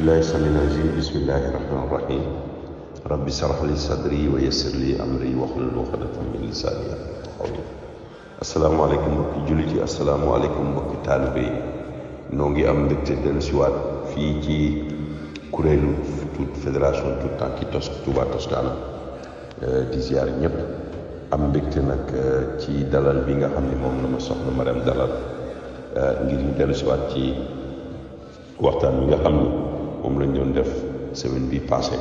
billahi samil azim bismillahirrahmanirrahim rabbi sarah li sadri wa yassir li amri wa hlul uqdatan min lisani yafqahu assalamu alaykum mbokki jullit yi assalamu alaykum mbokki talibé yi noo ngi am mbégte dellu si waat fii ci kuréelu toute fédération tout temps ki tos touba toscana eh, di ziar ñëpp am mbégte nag eh, ci dalal bi nga xam ne moom la ma soxna ma dem dalal eh, ngir ñu dellu si waat ci waxtaan wi nga xam moom lañ doon def semaine bi passé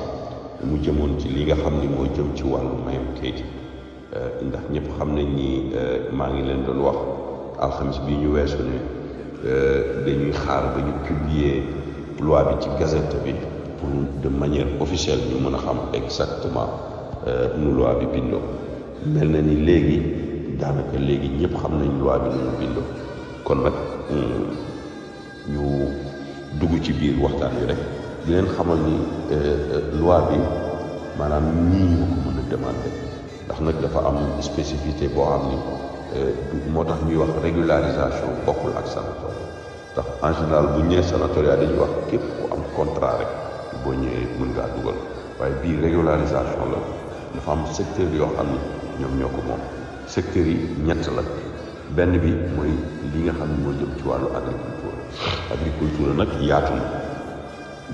mu jëmoon ci li nga xam ni moo jëm ci wàllu mayam kayit euh, ndax ñëpp xam nañ ni euh, maa ngi leen doon wax alxamis bii ñu weesu ne euh, dañuy xaar ba ñu publier loi bi ci gazette bi pour de manière officielle ñu mën a xam exactement nu loi bi bindoo mel na ni léegi daanaka léegi ñëpp xam nañ loi bi nu bindoo kon nag hmm, ñu dugg ci biir waxtaan wi rek di leen xamal ni euh, loi bi maanaam nii ñu ko mën a demander ndax nag dafa am spécificité boo xam ni euh, moo tax ñuy wax régularisation bokkul ak sanatoriat ndax en général bu ñëwee sanatoriat dañuy wax képp ku am contrat rek boo ñëwee mën ngaa dugal waaye bii régularisation la dafa am secteur yoo xam ni ñoom ñoo ko moom secteurs yi ñett la benn bi mooy li nga xam ni moo jëm ci wàllu agriculture agriculture nag yaatu na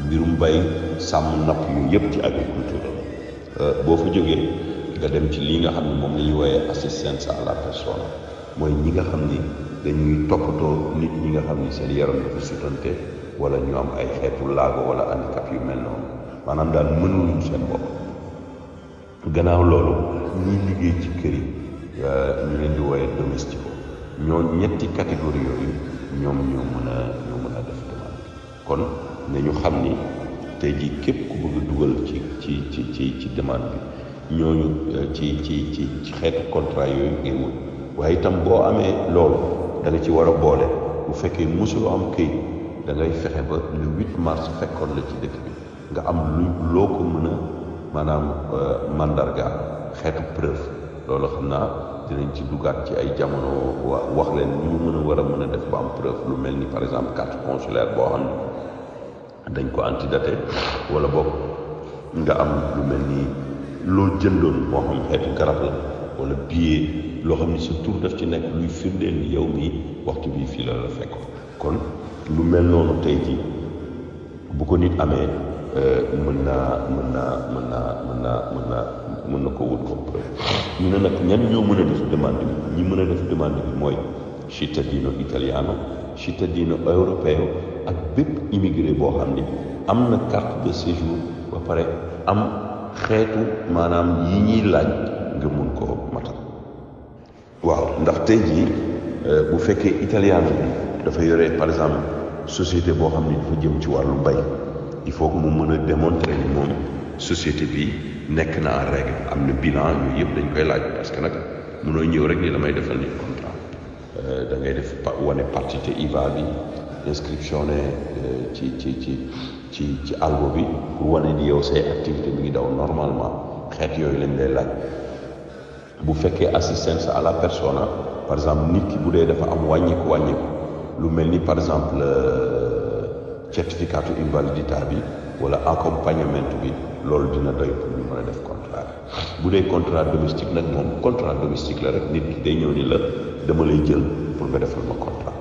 mbirum bay sàmm napp yooyu yëpp ci agriculture la euh, boo fa jógee nga dem ci lii nga xam ne moom la ñuy wooyee assistance la personne mooy ñi nga xam ni dañuy toppatoo nit ñi nga xam ni seen yaram dafa sutante wala ñu am ay xeetu laago wala handicap yu mel noonu maanaam daal mënuñu seen bopp gannaaw loolu ñuy liggéey ci kër yi euh, ñu leen di wooyee domestique ñoo ñetti catégorie yooyu ñoom ñoo mën a ñoo mën a def demande kon nañu xam ni tey jii képp ku bëgg dugal ci ci ci ci ci demande bi ñooñu euh, ci ci ci ci xeetu contrat yooyu ngay wut waaye itam boo amee loolu da ci war boole bu fekkee mosuloo am këyit da fexe ba le 8 mars fekkoon la ci dëkk bi nga am lu loo ko mën a maanaam euh, mandarga xeetu preuve loolu xam naa dinañ ci dugaat ci ay jamono wax leen ñu mën a war a mën def ba am preuve lu mel ni par exemple carte consulaire boo xam ne dañ ko antidaté wala boog nga am lu mel ni loo jëndoon moo xam xeetu garab la wala billet loo xam ni sa tur daf ci nekk luy firndeel ni yow mii waxtu bii fii la la fekkoon kon lu mel noonu tey jii bu ko nit amee euh, mën naa mën naa mën naa mën naa mën naa mën na ko wut ko ñu ne nag ñan ñoo mën a def demande bi ñi mën a def demande bi mooy cittadino italiano cittadino europeo ak bépp immigré boo xam ni am na carte de séjour ba pare am xeetu maanaam yi ñuy laaj nga mun koo matal waaw ndax tey jii euh, bu fekkee italiano bi dafa yore par exemple société boo xam ni dafa jëm ci wàllu mbay il faut que mu mën a démontrer ni moom société bi nekk na en règle am na bilan yooyu yëpp dañ koy laaj parce que nag mënoo ñëw rek ni damay defal nit contrat euh, da dangay def wane partite IVA bi inscription eh, ci ci ci ci ci algo bi pour wane ni yow say activité mi ngi daw normalement xeet yooyu lañ lay laaj bu fekkee assistance à la persona par exemple nit ki bu dee dafa am wàññiku wàññiku lu mel ni par exemple eh, certificato invalidità bi wala accompagnement bi loolu dina doy pour ñu mën a def contrat bu dee contrat domestique nag moom contrat domestique la rek nit ki day ñëw ni la dama lay jël pour nga defal ma contrat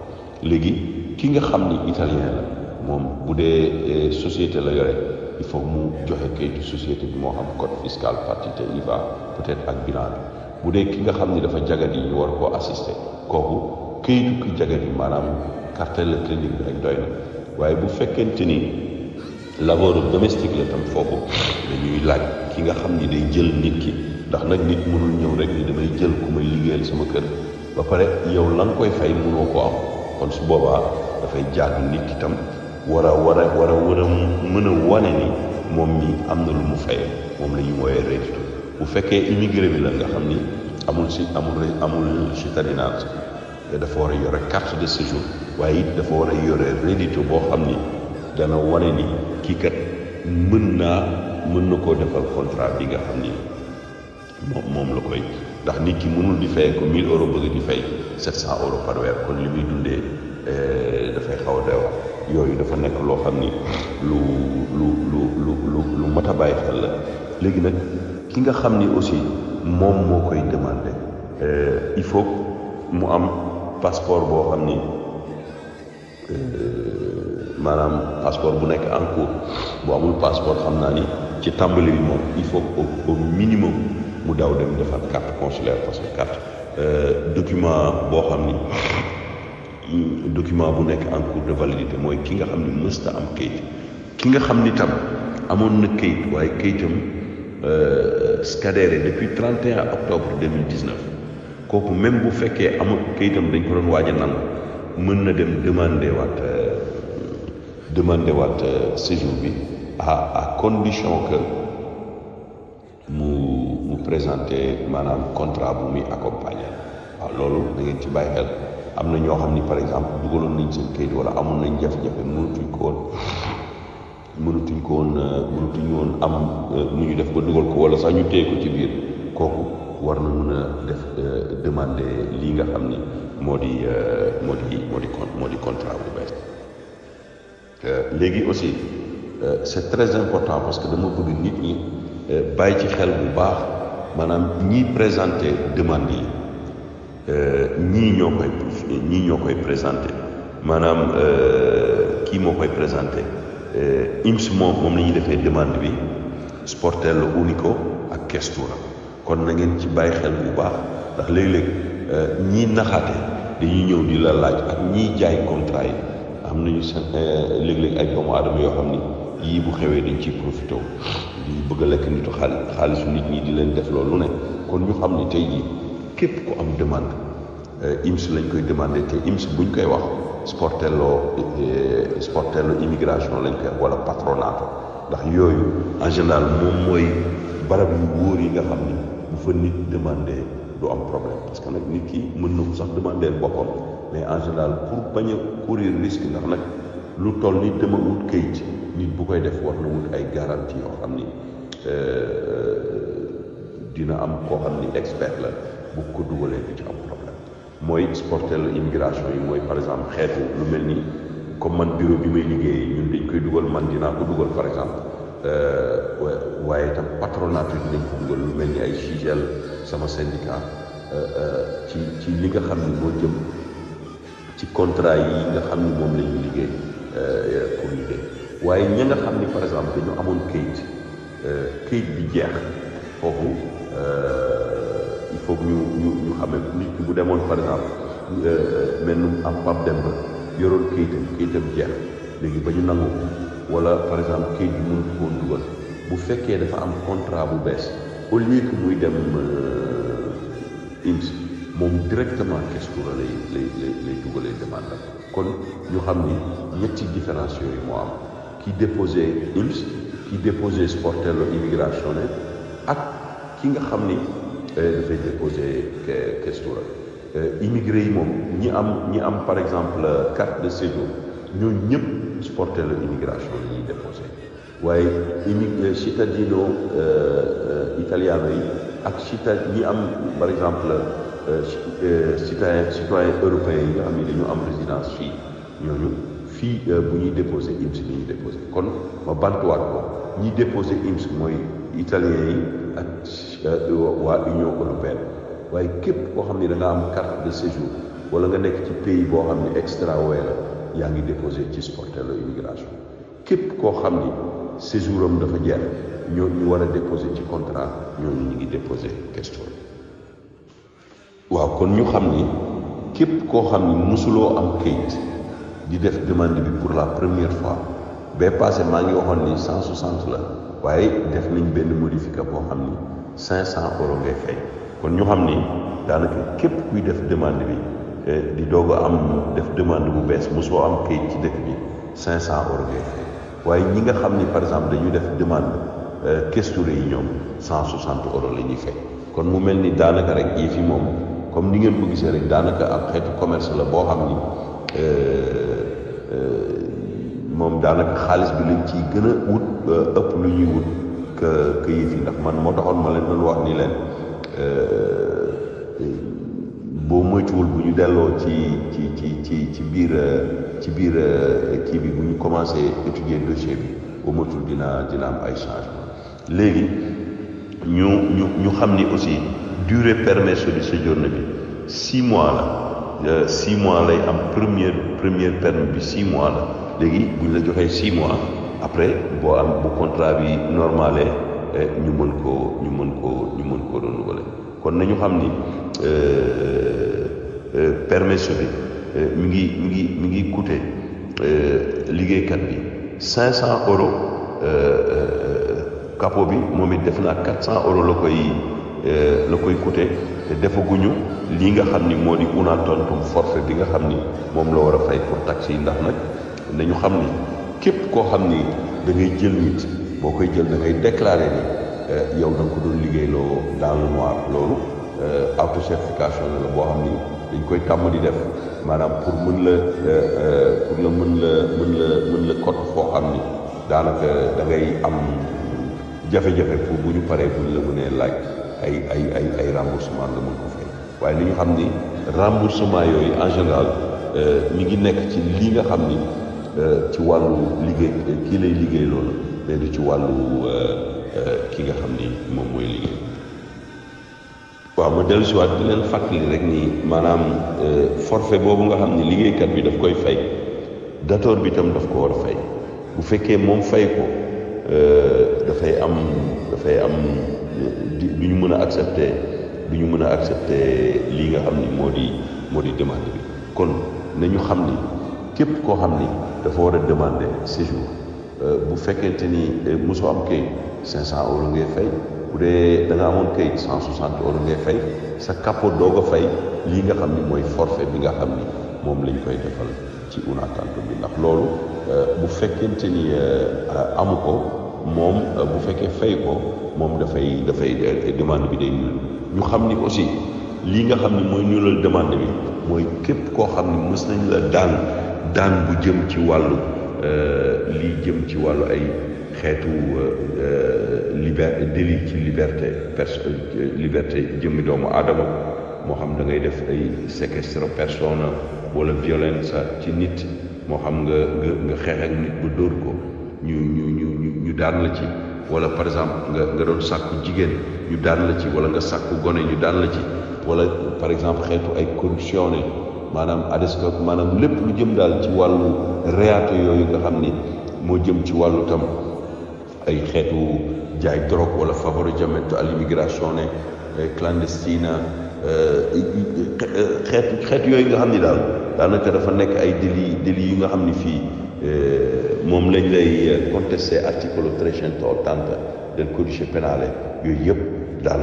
léegi ki nga xam ni italien la moom bu dee eh, société la yore il faut mu joxe kayitu société bi moo xam code fiscal partite IVA peut-être ak bilan bi bu dee ki nga xam ni dafa jagadi ñu war koo assisté kooku kayitu ki jagadi maanaam carte la clinique rek doy na waaye bu fekkente ni labor domestique la tam foofu dañuy laaj ki nga xam ni day jël nit ki ndax nag nit mënul ñëw rek ni damay jël ku may liggéeyal sama kër ba pare yow lan koy fay mënoo ko am kon su boobaa dafay jaadu nit itam war a war a war a mën a wane ni moom nii am na lu mu fayee moom la ñu wooyee reddito bu fekkee immigré bi la nga xam ni amul si amul amul cittadinanza dafa war a yore carte de séjour waaye it dafa war a yore reddito boo xam ni dana wane ni kii kat mën naa mën na koo defal contrat bi nga xam ni moom la koy ndax nit ki mënul di fay ko 1000 euros bëgg di fay 700 euros par weer kon li muy dundee. Eh, dafay xaw a yooyu dafa nekk loo xam ni lu lu lu lu lu a bàyyi xel la léegi nag ki nga xam ni aussi moom moo koy demandé eh, il faut mu am passeport boo xam ni eh, maanaam passeport bu nekk en cours amul passeport xam naa ni ci tàmbali bi moom il faut au minimum mu daw dem defar carte consulaire parce que document boo xam ni. document bu en cours de validité mooy ki nga xam am kayit tam depuis 31 octobre 2019 même bu fekkee que kayitam dañ ko doon demander séjour à condition que mu mu présenter contrat bu muy accompagner Alors loolu da ngeen am na ñoo xam ni par exemple dugaloon nañ seen kayit wala amoon nañ jafe-jafe mënatuñ ko woon mënatuñ ko woon euh, mënatuñ woon am euh, nu ñu def ba dugal ko wala sax ñu téye ko ci biir kooku war na mën a def euh, demander lii nga xam ne moo di moo di moo di con moo di contrat bu bees léegi aussi c'est très important parce que dama bëgg nit bàyyi ci xel bu baax maanaam ñiy présenter demande yi ñii ñoo koy tuddee ñii ñoo koy présenté maanaam euh, kii moo koy présenté euh, IMS moom moom la ñuy defee demande bi Sportello Unico ak Questura kon na ngeen ci bàyyi xel bu baax ndax léeg-léeg euh, ñii naxaate dañuy ñëw di la laaj ak ñii jaay contrat yi am nañu seen léeg-léeg ay doomu aadama yoo xam ni yii bu xewee dañ ciy profité di bëgg a lekk nitu xaalis xaalisu nit ñi di leen def loolu ne kon ñu xam ni tey jii képp ku am demande Euh, IMS lañ koy demande demandé te bu ñu koy wax sportello euh, sportello immigration lañ koy wax wala patronato ndax yooyu en général moom mooy barab yu wóor yi nga xam ni bu fa nit demandé du am problème parce que nag nit ki mën na ko sax demandé boppam mais en général pour bañ a courir risque ndax nag lu toll ni dama wut kayit nit bu koy def war lu wut ay garantie yoo xam ni euh, dina am koo xam ni expert la bu ko dugalee du ci am. mooy sportel immigration yi mooy par exemple xeetu lu mel ni comme man bureau bi may liggéey ñun dañ koy dugal man dinaa ko dugal par exemple euh, waaye itam patronat dinañ ko dugal lu mel ni ay sigel sama syndicat euh, euh, ci ci li nga xam ni moo jëm ci contrat yi nga xam ni moom la liggéey pour waaye ña nga xam ni par exemple dañu amoon kayit kayit bi jeex foofu foog ñu ñu ñu xamee nit ki bu demoon par exemple euh, euh, mel nu am Pape Demba yoroon kayitam kayitam jeex léegi ba ñu nangu wala par exemple kayit bi mënut koo dugal bu fekkee dafa am contrat bu bees au lieu que muy dem euh, IMS moom directement Kestura lay lay lay dugalee demande kon ñu xam ni ñetti différence yooyu moo am ki déposé IMS ki déposé sportello immigratione ak ki nga xam ni. Euh, dafay déposer question euh, immigré yi moom ñi am ñi am par exemple euh, carte de séjour ñooñu ñëpp supporter la immigration la ñuy déposé waaye immigré cittadino italiano yi ak cita ñi am par exemple citoyen citoyen européen yi nga xam ne dañu am résidence fii ñooñu fii bu ñuy déposé IMS bi ñuy déposé kon ma bantuwaat ko ñi déposé IMS mooy italien yi ak waa Union européenne waaye képp koo xam ni da nga am carte de séjour wala nga nekk ci pays boo xam ne extra la yaa ngi déposé ci sportel immigration képp koo xam ni séjour am dafa jeex ñoo ñu war a déposé ci contrat ñooñu ñu ngi déposé question waaw kon ñu xam ni képp koo xam ni mosuloo am kayit di def demande bi pour la première fois bee passé maa ngi waxoon ni 160 la waaye def nañ benn modificat boo xam ni cinq cent euros ngay fay kon ñu xam ni daanaka képp kuy def demande bi eh, di doog a am def demande bu bees mosoo am kayit ci dëkk bi cinq cent euros ngay fay waaye ñi nga xam ni par exemple dañuy def demande eh, questure yi ñoom cent soixante euros la ñuy kon mu mel ni daanaka rek yii fi moom comme ni ngeen ko gisee rek daanaka ab xeetu commerce la boo xam ni eh, moom daanaka xaalis bi lañ ciy gën a wut lu ñuy wut que que yëf yi ndax man moo taxoon ma leen doon wax ni leen euh, boo moytuwul bu ñu delloo ci ci ci ci ci biir ci biir euh, kii bi bu ñu commencé étudier dossier bi boo moytuwul dina dina am ay changement léegi ñu ñu ñu xam ni aussi durée permis de séjour bi six mois la euh, six mois lay am première première permis bi six mois la léegi buñ la joxee six mois après boo am bu contrat bi normalé eh, ñu mën ko ñu mën koo ñu mën koo renouveler kon nañu xam ni euh, euh, permis bi euh, mi ngi mi ngi mi ngi coûter liggéeykat bi 500 euros capot bi moom it def naa 400 euros la koy la koy coûter te defaguñu lii nga xam ni moo di una tontum forfait bi nga xam ni moom la war a fay pour taxi yi ndax nag nañu xam ni. képp koo xam ni da ngay jël nit boo koy jël da ngay déclarer ni eh, yow da ko doon liggéeyloo dans le noir loolu eh, auto certification la boo xam ni dañ koy tàmm di def maanaam pour mën la eh, pour la mën la mën la foo xam ni daanaka da ngay am jafe-jafe pour bu ñu paree bu ñu la mënee laaj ay ay ay ay remboursement nga mën ko fay waaye li ñu xam ni remboursement yooyu en général mi ngi nekk ci lii nga xam ni Euh, ci wàllu liggéey kii lay liggéey loolu mais du ci wàllu euh, euh, ki nga xam ni moom mooy liggéey waaw ma dellusiwaat di leen fàttali rek ni maanaam forfait boobu nga xam ni liggéeykat bi daf koy fay datoor bi tam daf ko war a fay bu fekkee moom fay ko dafay am dafay am du ñu mën a accepter du ñu mën a accepter lii nga xam ni moo di moo di demande bi kon nañu xam ni képp koo xam ni dafa war a demander séjour euh, bu fekkente ni euh, mosoo am kayit 500 euros ngay fay bu dee da amoon kayit 160 euros ngay fay sa capot doog a fay lii nga xam ni mooy forfait bi nga xam ni moom lañ koy defal ci loolu euh, bu fekkente ni amu ko moom bu fekkee fay ko moom dafay dafay demande bi day ñuul ñu xam ni aussi lii nga xam ni mooy ñuulal demande bi mooy képp koo xam ni mës nañ la daan. daan bu jëm ci wàllu euh, lii jëm ci wàllu ay xeetu euh, euh, liber délit ci liberté perso liberté doomu aadama moo xam da ngay def ay séquestre persona wala violence ci nit moo xam nga nga nga xeex nit bu dóor ko ñu ñu ñu ñu daan la ci wala par exemple nga nga doon sàkku jigéen ñu daan la ci walla nga sàkku gone ñu daan la ci wala par exemple xeetu ay conditionné manam adis ko maanaam lépp lu jëm dal ci walu reyaatu yooyu nga xamni mo jëm ci walu tam ay xétu jaay drok wala jamet al immigration e clandestine xeetu xeetu yooyu nga xam dal daal daanaka dafa nek ay déli déli yu nga xamni fi mom lañ lay contester article 380 del code codice penale yooyu yëpp da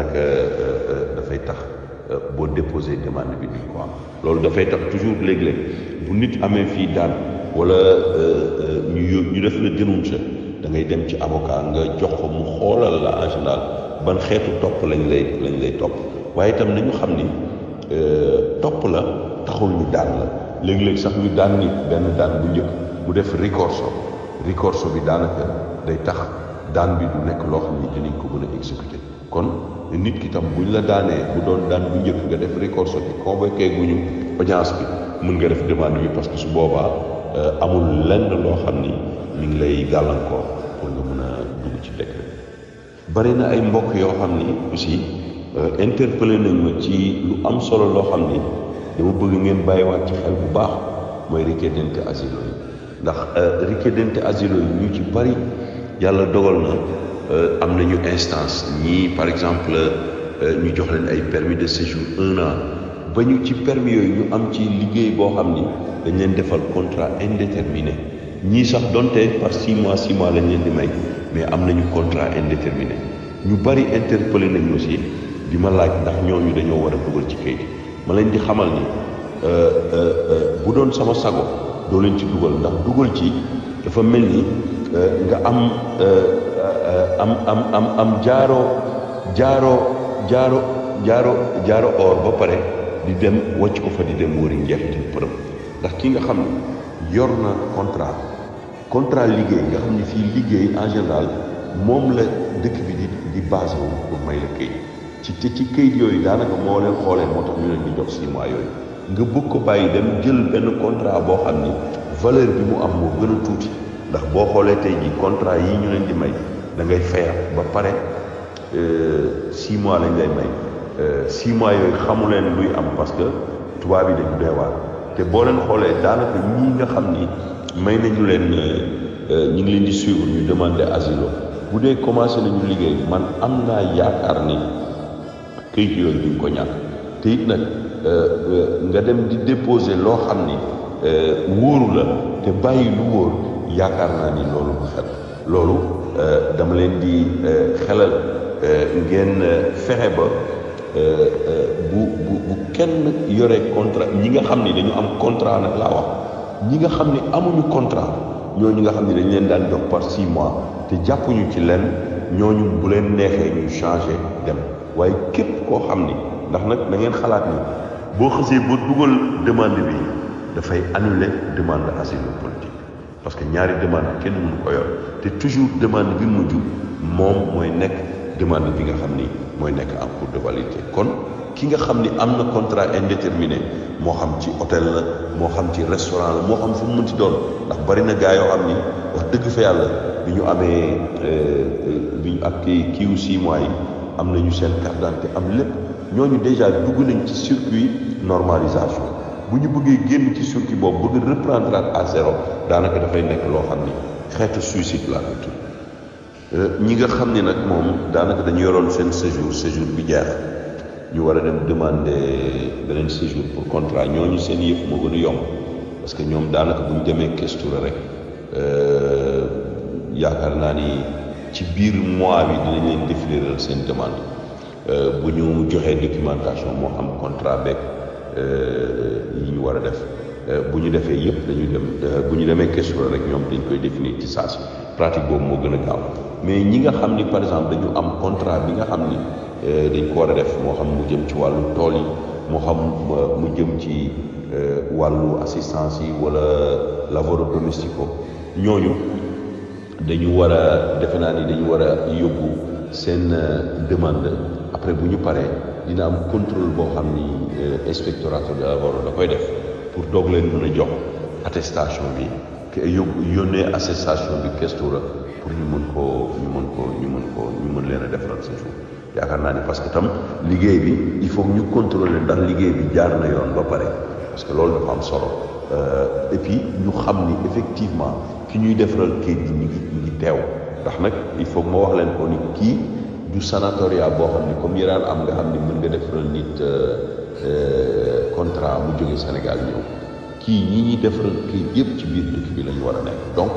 fay tax Euh, boo déposé demande bi duñ ko am loolu dafay tax toujours léeg-léeg bu nit amee fii daan wala euh, euh, ñu ñu def la dénoncé da ngay dem ci avocat nga jox ko mu xoolal la en général ban xeetu topp lañ lay lañ lay topp waaye itam nañu xam ni topp la taxul ñu daan la léeg-léeg sax ñu daan nit benn daan bu njëkk mu def ricorso ricorso bi daanaka day tax daan bi du nekk loo xam ni dinañ ko mën a exécuté kon nit ki tam bu ñu la daanee bu doon daan bu njëkk nga def recours bi convoqué ñu audience bi mën nga def demande bi parce que su boobaa euh, amul lenn loo xam ni mi ngi lay gàllankoor pour nga mën a dugg ci décret bari na ay mbokk yoo xam ni ussi euh, interpellé nañu ci lu am solo loo xam ni dama bëgg ngeen bàyyiwaat ci xel bu baax mooy richiedente asilo yi ndax euh, richiedente asilo yi ñu ci bari yàlla dogal na Euh, am na ñu instance ñii par exemple euh, ñu jox leen ay permis de séjour un an ba ñu ci permis yooyu ñu am ci liggéey boo xam ni dañ leen defal contrat indéterminé ñii sax donte par six mois six mois lañ leen di may mais am nañu contrat indéterminé ñu bari interpellé nañu aussi di ma laaj ndax ñooñu dañoo war a dugal ci kayit ma leen di xamal ni euh, bu doon sama sago doo leen ci dugal ndax dugal ci dafa mel ni nga am. am am am am jaaro jaaro jaaro jaaro jaaro or ba pare di dem wàcc ko fa di dem wëri njeexital përëm ndax ki nga xam ne yor na contrat contrat liggéey nga xam ne fii liggéey en général moom la dëkk bi di di base wu may la këyit ci te ci këyit yooyu daanaka moo leen xoolee moo tax ñu leen di jox six mois nga bëgg ko bàyyi dem jël benn contrat boo xam ni valeur bi mu am moo gën a tuuti ndax boo xoolee tey ji contrat yi ñu leen di may da ngay fayam ba pare euh, six mois lañ lay may euh, six mois yooyu xamu leen luy am parce que tubaab bi dañu doy waar te boo leen xoolee daanaka ñii nga xam ni may nañu leen euh, ñu ngi leen di suivre ñu demander asilo bu dee commencé nañu liggéey man am naa yaakaar ni këyit yooyu duñ ko ñàkk te it nag nga dem di déposer loo xam ni wóoru la te bàyyi lu wóor yaakaar naa ni loolu bu xel loolu Euh, dama leen di euh, xelal euh, ngeen fexe ba bu bu bu kenn yore contrat ñi nga xam ni dañu am contra nag laa wax ñi nga xam ni amuñu contrat ñooñu nga xam ni dañ leen daan jox par six mois te jàppuñu ci lenn ñu bu leen neexee ñu changé dem waaye képp koo xam ni ndax nag na ngeen xalaat ni boo xasee ba dugal demande bi dafay annuler demande asile parce que ñaari demande kenn mënu ko yor te toujours demande bi mujj moom mooy nekk demande bi nga xam ni mooy nekk en court de validité kon ki nga xam ni am na contrat indéterminé moo xam ci hôtel la moo xam ci restaurant la moo xam fu mu mënti doon ndax bari na gaa yoo xam ni wax dëgg fa yàlla bi ñu amee euh, bi ñu ak kii wu mois yi am nañu seen carte am lépp ñoo ñu déjà dugg nañ ci circuit normalisation. bu ñu bëggee génn ci circuit boobu bëgg reprendre à zéro daanaka dafay nekk loo xam ni xeetu suicide laa ko tudd euh, ñi nga xam ni nag moom daanaka dañu yoroon seen séjour séjour bi jeex ñu war a dem demander beneen séjour pour contrat ñooñu seen yëf moo gën a yomb parce que ñoom daanaka bu ñu demee questura rek euh, yaakaar naa ni ci biir mois bi dinañ leen définiral seen demande euh, bu ñu joxee documentation moo am contrat beeg. Euh, yi ñu war a def euh, bu ñu defee yëpp dañuy dem bu ñu demee question rek ñoom dañ koy définir ci saa si pratique boobu moo gën a gaaw mais ñi nga xam ni par exemple dañu am contrat bi nga xam ni euh, dañ ko war a def moo xam mu jëm ci wàllu tool yi moo xam mu jëm ci wàllu assistance yi wala lavoro domestico ñooñu dañu war a defe naa ni dañu war a yóbbu seen demande après bu ñu paree. dina am contrôle boo xam ni euh, inspectorat de l'abord da koy def pour doog leen mën a jox attestation bi yo yónnee attestation bi questura pour ñu mën koo ñu mën koo ñu mën koo ñu leen a defaral séjour yaakaar naa ni parce que tam liggéey bi il faut ñu contrôler ndax liggéey bi jaar na yoon ba pare parce que loolu dafa am solo euh, et puis ñu xam ni effectivement ki ñuy defaral kayit yi ñu ngi ñu ngi teew ndax nag il faut ma wax leen ko ni kii. du sanatoria boo xam ne comme yëraal am nga xam ne mën nga defaral nit euh, euh, contrat mu jóge Sénégal ñëw kii ñi ñuy defaral kii yëpp ci biir dëkk bi la war a nekk donc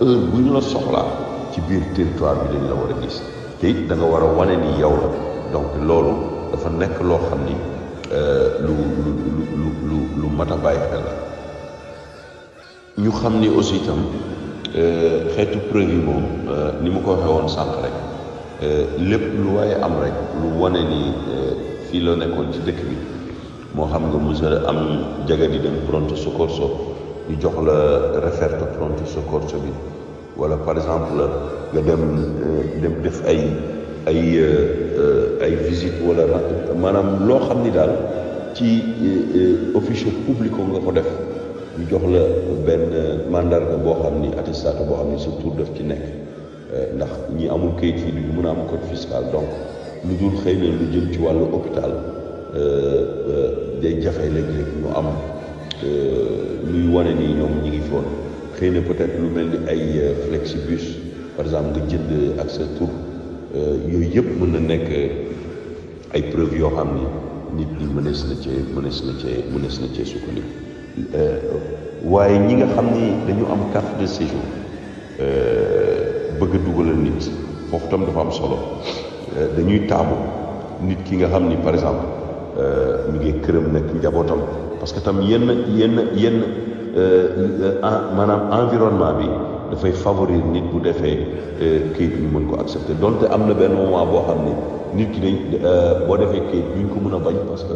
heure bu ñu la soxlaa ci biir territoire bi dañ la war a gis te it da war a wane ni yow la donc loolu dafa nekk loo xam ni euh, lu lu lu lu lu mat a bàyyi xel la ñu xam ni aussi itam xeetu preuve ni mu ko waxee woon sànq rek. Euh, lépp lu waaye am rek lu wane ni euh, fii la nekkoon ci dëkk bi moo xam nga monsieur am jaga di dem pronto soccorso ñu jox la referto pronto soccorso bi wala par exemple nga dem euh, dem def ay ay ay visite wala maanaam loo xam ni daal ci officio pubblico nga ko def ñu jox la benn mandarga boo xam ni attestato boo xam ni sa tur daf ci nekk Euh, ndax ñi amul kayit yi du mën a am code fiscal donc lu dul xëy na lu jëm ci wàllu hôpital euh, euh, day jafe léeg-léeg am luy wane ni ñoom ñi ngi xëy na peut-être lu mel ni ay flexibus par exemple nga jënd ak sa tur yooyu yëpp mën na nekk ay preuve yoo xam ni nit ñi mënees na cee mënees na cee mënees na cee sukkandiku waaye ñi nga xam ni dañu am carte de séjour bëgg a dugalal nit foofu tam dafa am solo euh, dañuy taamu nit ki nga xam ni par exemple euh, mi ngi këram nekk njabootam parce que tam yenn yenn yenn euh, maanaam environnement bi dafay favoriser nit bu defee kayit ñu mën ko accepter donte am na benn moment boo xam ni nit ki dañ boo defee kayit duñ ko mën a bañ parce que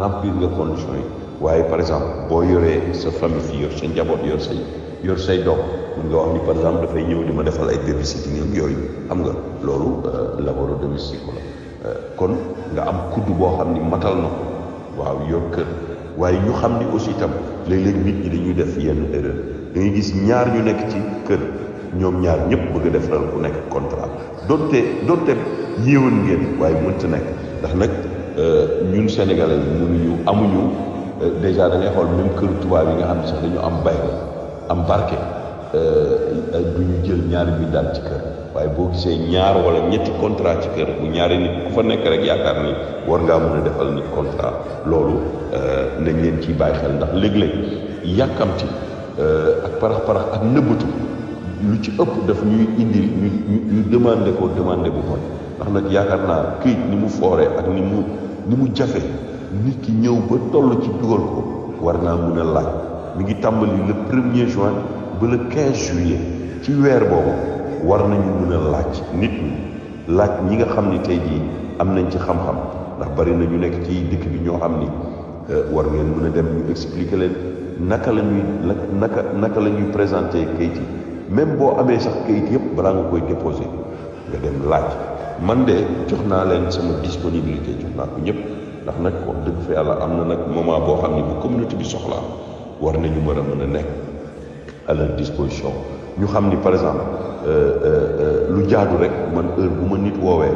remplir nga condition yi waaye par exemple boo yoree sa famille fi yor sa njaboot yor say yor say doom mun nga wax ni par exemple dafay ñëw di ma defal ay babysitting nii yooyu xam nga loolu euh, laboro domestique la euh, kon nga am kudd boo xam ni matal na ko waaw yor kër waaye ñu xam ni aussi itam léeg-léeg nit ñi dañuy def yenn erreur da ngay gis ñaar ñu nekk ci kër ñoom ñaar ñëpp bëgg a defaral ku nekk contrat donte donte yéewoon ngeen waaye mënta nekk ndax nag euh, ñun sénégalais yi mënuñu amuñu déjà da ngay xool même kër tubaab yi nga xam ne sax dañu am bay am barke bu euh, ñu jël ñaari bi daan ci kër waaye boo gisee ñaar wala ñetti contrat ci kër bu ñaari nit ku fa nekk rek yaakaar na war ngaa mën a defal nit contrat loolu euh, nañ leen ci bàyyi xel ndax léeg-léeg yàkkamti euh, ak parax parax ak nëbbatu lu ci ëpp daf ñuy indi ñu ñu demande ko demandé bu mooy ndax nag yaakaar naa këyit ni mu fooree ak ni mu ni mu jafe nit ki ñëw ba toll ci dugal ko war naa mën a laaj. mi ngi tàmbali le premier juin ba le quinze juillet ci weer boobu war nañu mën a laaj nit ñi laaj ñi nga xam ni tey jii am nañ ci xam-xam ndax bari na ñu nekk ci dëkk bi ñoo xam ni euh, war ngeen mën a dem ñu expliquer leen naka la ñuy naka naka la ñuy présenter kayit yi même boo amee sax kayit yëpp balaa nga koy déposer nga dem laaj man de jox naa leen sama disponibilité jox naa ko ñëpp ndax nag wax dëgg fa yàlla am na nag moment boo xam ni bu communauté bi soxlaa war nañu mën a mën a nekk à leur disposition ñu xam ni par exemple euh, euh, euh, lu jaadu rek man heure bu ma nit woowee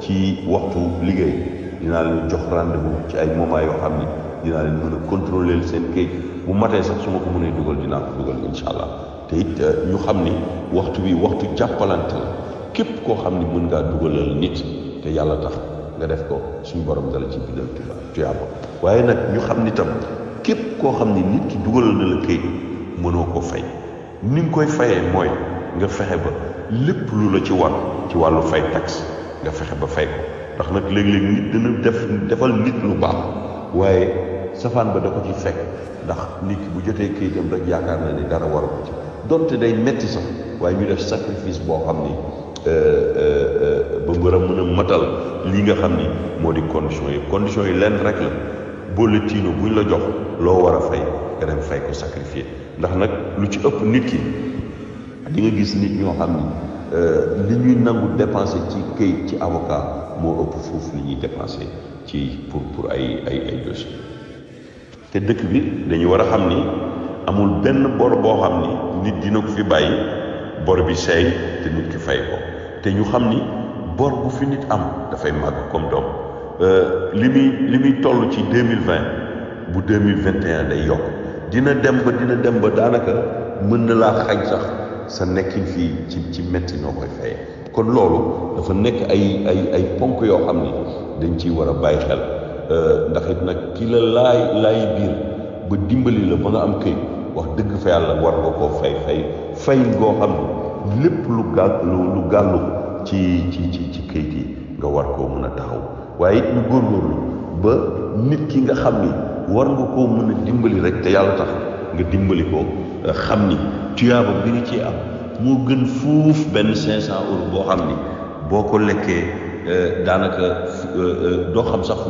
ci waxtu liggéey dinaa leen jox rendez ci ay moment yoo xam ni dinaa leen mën a contrôler seen kayit bu matee sax su ma ko mënee dugal dinaa ko dugal incha allah te it ñu xam ni waxtu bi waxtu jàppalante la képp koo xam ni mën ngaa dugalal nit te yàlla tax nga def ko suñ borom dala ci bindal tuyaaba waaye nag ñu xam ni koo xam ne nit ki dugalal na la këyit mënoo ko fay ni nga koy fayee mooy nga fexe ba lépp lu la ci war ci wàllu fay tax nga fexe ba fay ko ndax nag léeg-léeg nit dina def defal nit lu baax waaye safaan ba da ko ci fekk ndax nit ki bu jotee dem rek yaakaar na ni dara war ko ci donte day metti sax waaye ñu def sacrifice boo xam ni euh, euh, euh, ba mbër a mën a matal li nga xam ni moo di condition yi condition yi lenn rek la bulletin bu ñu la jox loo war a fay nga dem fay ko sacrifié ndax nag lu ci ëpp nit ki di nga gis nit ñoo xam ni euh, li ñuy nangu dépensé ci këyit ci avocat moo ëpp foofu li ñuy dépensé ci pour pour ay ay ay te dëkk bi dañuy war a xam ni amul benn bor boo xam ni nit dina ko fi bàyyi bor bi seey te nit ki fay ko te ñu xam ni bor bu fi nit am dafay màgg comme doom Euh, li muy li muy toll ci deux mille vingt bu deux mille vingt et day yokk dina dem ba dina dem ba daanaka mën na laa xañ sax sa nekkin fii ci ci métti noo koy fayee kon loolu dafa nekk ay ay ay ponk yoo xam ni dañ ciy war a bàyyi xel euh, ndax it nag ki la laay laay biir ba dimbali la ba nga am këy wax dëgg fa yàlla war nga koo fay fay fay ngoo xam ne lépp lu gàll lu gàllu ci ci ci ci këyit nga war koo mën a taxaw waaye it ñu góorgóorlu ba nit ki nga xam ni war nga koo mën dimbali rek te yàlla tax nga dimbali ko xam ni tuyaaba bi ci am gën fuuf benn 500 euros boo xam ni boo ko lekkee euh, daanaka euh, euh, doo xam sax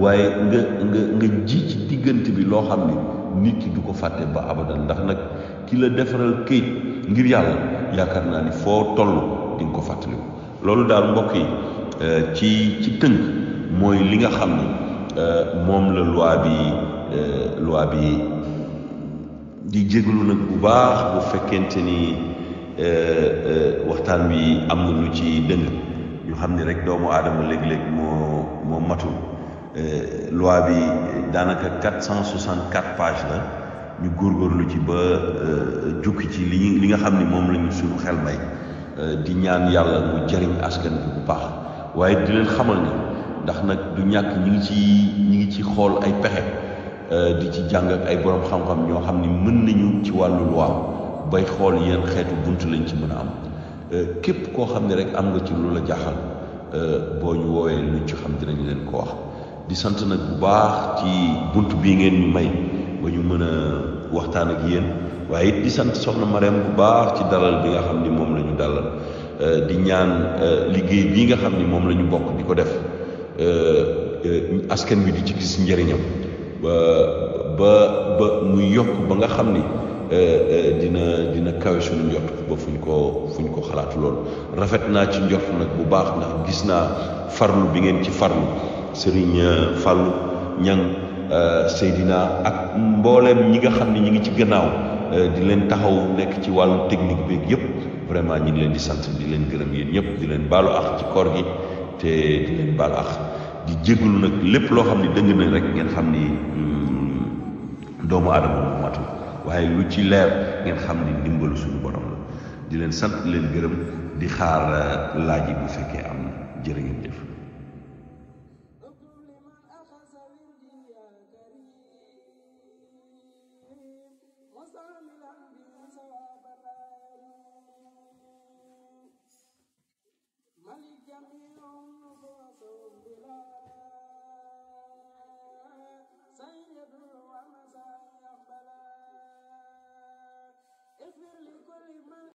waaye nga diggante bi loo nit ki du ko fàtte ba abadan ndax nag ki la defaral këyit ngir yàlla yaakaar naa ni foo toll di ko fàttaliku loolu daal mbokk yi. Euh, ci ci tënk mooy li nga xam ne euh, moom la loi bi euh, loi bi di jéglu nag bu baax bu fekkente ni waxtaan wi am na lu ci dëng ñu xam ni rek doomu aadama léeg-léeg moo moo matul loi bi daanaka quatre cent soixante quatre la ñu góorgóorlu ci ba jukki ci li li nga xam ni moom la ñu suñu xel may di ñaan yàlla mu jëriñ askan bi bu baax waaye di leen xamal ni ndax nag du ñàkk ñi ngi ci ñi ngi ci xool ay pexe euh, di ci jàng ak ay borom xam-xam ñoo xam ni mën nañu ci wàllu loi bay xool yenn xeetu bunt lañ ci mën a am euh, képp koo xam ne rek am nga ci lu la jaaxal euh, boo ñu woowee luñ ci xam dinañ leen ko wax di sant nag bu baax ci bunt bii ngeen ñu may ba ñu mën a waxtaan ak yéen waaye di sant soxna Mariam bu baax ci dalal bi nga xam ni moom la ñu dalal Euh, di ñaan euh, liggéey bii nga xam ni moom lañu ñu bokk di ko def euh, askan wi di ci gis njëriñam ba ba ba muy yokk ba nga xam ni dina dina kawe suñu njort ba fuñ ko fuñ ko xalaatu lool rafet naa ci njort nag bu baax ndax gis naa farlu bi ngeen ci farlu sëriñ Fallou ñang Seydina ak mbooleem ñi nga xam ne ñi ngi ci gannaaw di leen taxaw nekk ci wàll technique beeg yépp vraiment ñu ngi leen di sant di leen gërëm yéen ñëpp di leen baalu ax ci koor gi te di leen baalu ax di nag lépp loo xam ne dëng nañ rek ngeen xam ni mm, doomu aadama bu matul waaye lu ci leer ngeen xam ni ndimbalu suñu borom la di leen sant di leen gërëm di xaar laaj yi fekkee am na jërë ngeen